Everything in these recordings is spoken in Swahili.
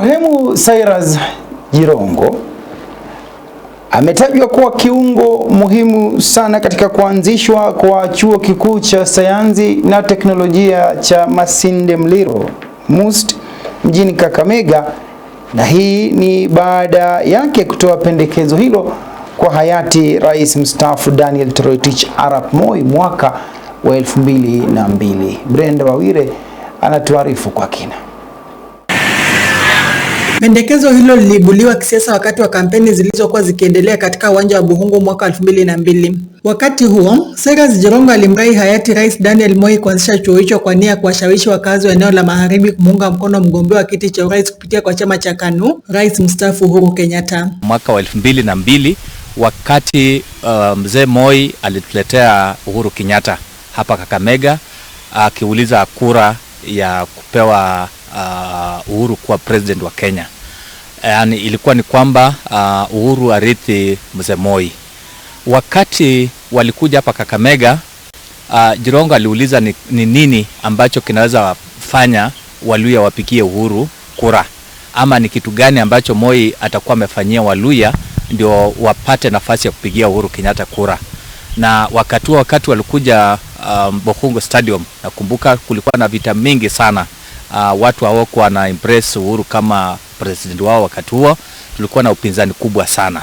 Marehemu Cyrus Jirongo ametajwa kuwa kiungo muhimu sana katika kuanzishwa kwa Chuo Kikuu cha Sayansi na Teknolojia cha Masinde Muliro MUST mjini Kakamega, na hii ni baada yake kutoa pendekezo hilo kwa hayati Rais mstaafu Daniel Toroitich Arap Moi mwaka wa 2002. Brenda Wawire anatuarifu kwa kina. Pendekezo hilo liliibuliwa kisiasa wakati wa kampeni zilizokuwa zikiendelea katika uwanja wa Buhungu mwaka 2002. Wakati huo, sera Jirongo alimrai hayati Rais Daniel Moi kuanzisha chuo hicho kwa nia ya kuwashawishi wakazi wa eneo la Magharibi kumuunga mkono mgombea wa kiti cha urais kupitia kwa chama cha KANU, Rais mstaafu Uhuru Kenyatta. Mwaka wa 2002 wakati uh, mzee Moi alituletea Uhuru Kenyatta hapa Kakamega akiuliza kura ya kupewa uh, Uhuru kuwa president wa Kenya. Yaani ilikuwa ni kwamba uh, Uhuru arithi Mzee Moi. Wakati walikuja hapa Kakamega, uh, Jirongo aliuliza ni, ni nini ambacho kinaweza fanya Waluya wapikie Uhuru kura ama ni kitu gani ambacho Moi atakuwa amefanyia Waluya ndio wapate nafasi ya kupigia Uhuru Kenyatta kura. Na wakati wakati walikuja um, Bokungo Stadium, nakumbuka kulikuwa na vita mingi sana uh, watu hawakuwa na impress Uhuru kama president wao. Wakati huo tulikuwa na upinzani kubwa sana.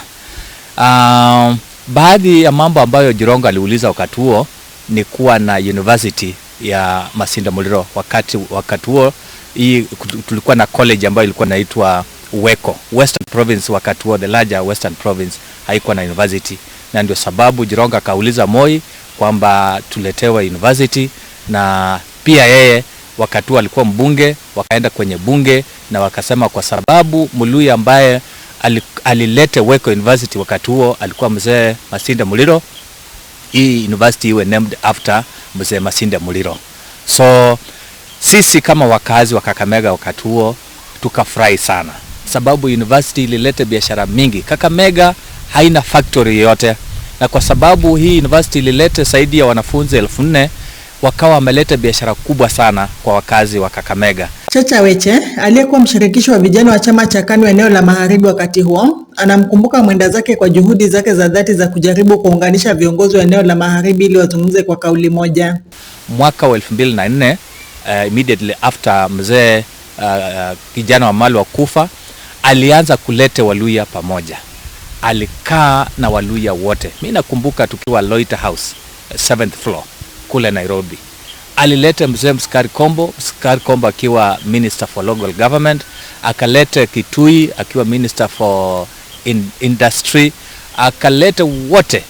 Uh, baadhi ya mambo ambayo Jirongo aliuliza wakati huo ni kuwa na university ya Masinda Muliro. Wakati wakati huo hii tulikuwa na college ambayo ilikuwa inaitwa Weko Western Province. Wakati huo the larger Western Province haikuwa na university, na ndio sababu Jirongo akauliza Moi kwamba tuletewe university, na pia yeye wakati huo alikuwa mbunge, wakaenda kwenye bunge na wakasema kwa sababu Muluya ambaye alilete Weko University wakati huo alikuwa mzee Masinde Muliro, hii university iwe named after mzee Masinde Muliro. So sisi kama wakazi wa Kakamega wakati huo tukafurahi sana, sababu university ilileta biashara mingi. Kakamega haina factory yoyote, na kwa sababu hii university ililete zaidi ya wanafunzi elfu nne wakawa wameleta biashara kubwa sana kwa wakazi wa Kakamega. Chacha Weche aliyekuwa mshirikisho wa vijana wa chama cha KANU eneo la Magharibi wakati huo anamkumbuka mwenda zake kwa juhudi zake za dhati za kujaribu kuunganisha viongozi wa eneo la Magharibi ili wazungumze kwa kauli moja. Mwaka wa 2004 uh, eh, immediately after mzee uh, kijana wa mali wa kufa alianza kulete Waluya pamoja, alikaa na Waluya wote. Mi nakumbuka tukiwa Loiter House, 7th eh, floor kule Nairobi. Alileta mzee Mskari Kombo, Mskari Kombo akiwa minister for local government, akaleta Kitui akiwa minister for in, industry, akaleta wote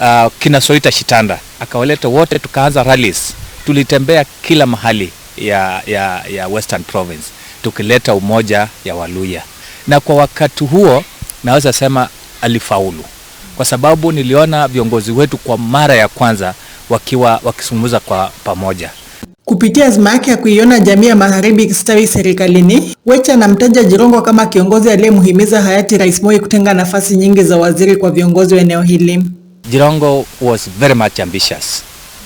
uh, kina Soita Shitanda akawaleta wote, tukaanza rallies. Tulitembea kila mahali ya, ya, ya Western Province tukileta umoja ya Waluya, na kwa wakati huo naweza sema alifaulu, kwa sababu niliona viongozi wetu kwa mara ya kwanza wakiwa wakizungumza kwa pamoja. Kupitia azma yake ya kuiona jamii ya magharibi ikistawi serikalini, Wecha anamtaja Jirongo kama kiongozi aliyemhimiza hayati Rais Moi kutenga nafasi nyingi za waziri kwa viongozi wa eneo hili. Jirongo was very much ambitious.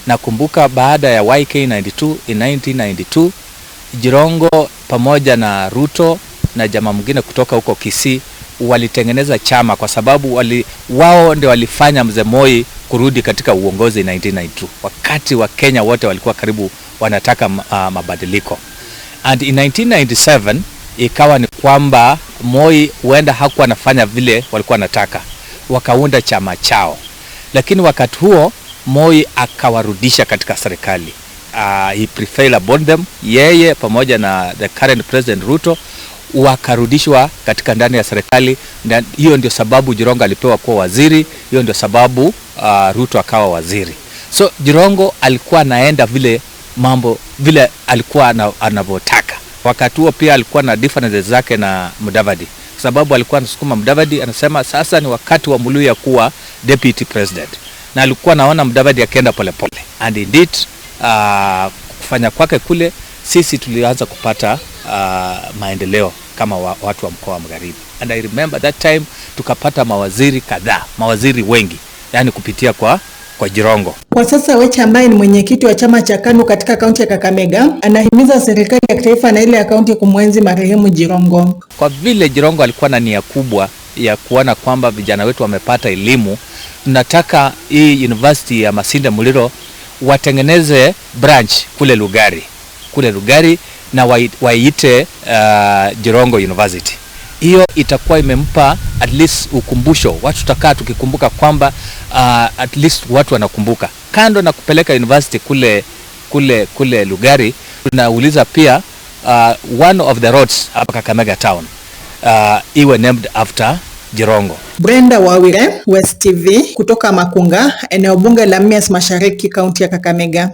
Nakumbuka baada ya YK92 in 1992, Jirongo pamoja na Ruto na jamaa mwingine kutoka huko Kisii walitengeneza chama kwa sababu wali, wao ndio walifanya mzee Moi kurudi katika uongozi 1992 wakati wa Kenya wote walikuwa karibu wanataka uh, mabadiliko and in 1997 ikawa ni kwamba Moi huenda hakuwa anafanya vile walikuwa wanataka, wakaunda chama chao, lakini wakati huo Moi akawarudisha katika serikali. Uh, he prevailed upon them, yeye pamoja na the current president Ruto wakarudishwa katika ndani ya serikali. Hiyo ndio sababu Jirongo alipewa kuwa waziri, hiyo ndio sababu uh, Ruto akawa waziri. So Jirongo alikuwa anaenda vile mambo vile alikuwa anavyotaka. Wakati huo pia alikuwa na differences zake na Mudavadi, kwa sababu alikuwa anasukuma Mudavadi, anasema sasa ni wakati wa Muluya kuwa deputy president, na alikuwa anaona Mudavadi akienda polepole, and indeed uh, kufanya kwake kule sisi tulianza kupata uh, maendeleo kama wa, watu wa mkoa wa Magharibi. And I remember that time tukapata mawaziri kadhaa, mawaziri wengi, yani kupitia kwa kwa Jirongo. Kwa sasa Wecha ambaye ni mwenyekiti wa chama cha KANU katika kaunti ya Kakamega anahimiza serikali ya kitaifa na ile ya kaunti kumwenzi marehemu Jirongo. Kwa vile Jirongo alikuwa na nia kubwa ya kuona kwamba vijana wetu wamepata elimu, tunataka hii university ya Masinde Muliro watengeneze branch kule Lugari, kule Lugari na waiite uh, Jirongo University. Hiyo itakuwa imempa at least ukumbusho, watu tutakaa tukikumbuka kwamba uh, at least watu wanakumbuka. Kando na kupeleka university kule, kule, kule Lugari, tunauliza pia uh, one of the roads hapa Kakamega town uh, iwe named after Jirongo. Brenda Wawire, West TV, kutoka Makunga, eneo bunge la Mumias Mashariki, kaunti ya Kakamega.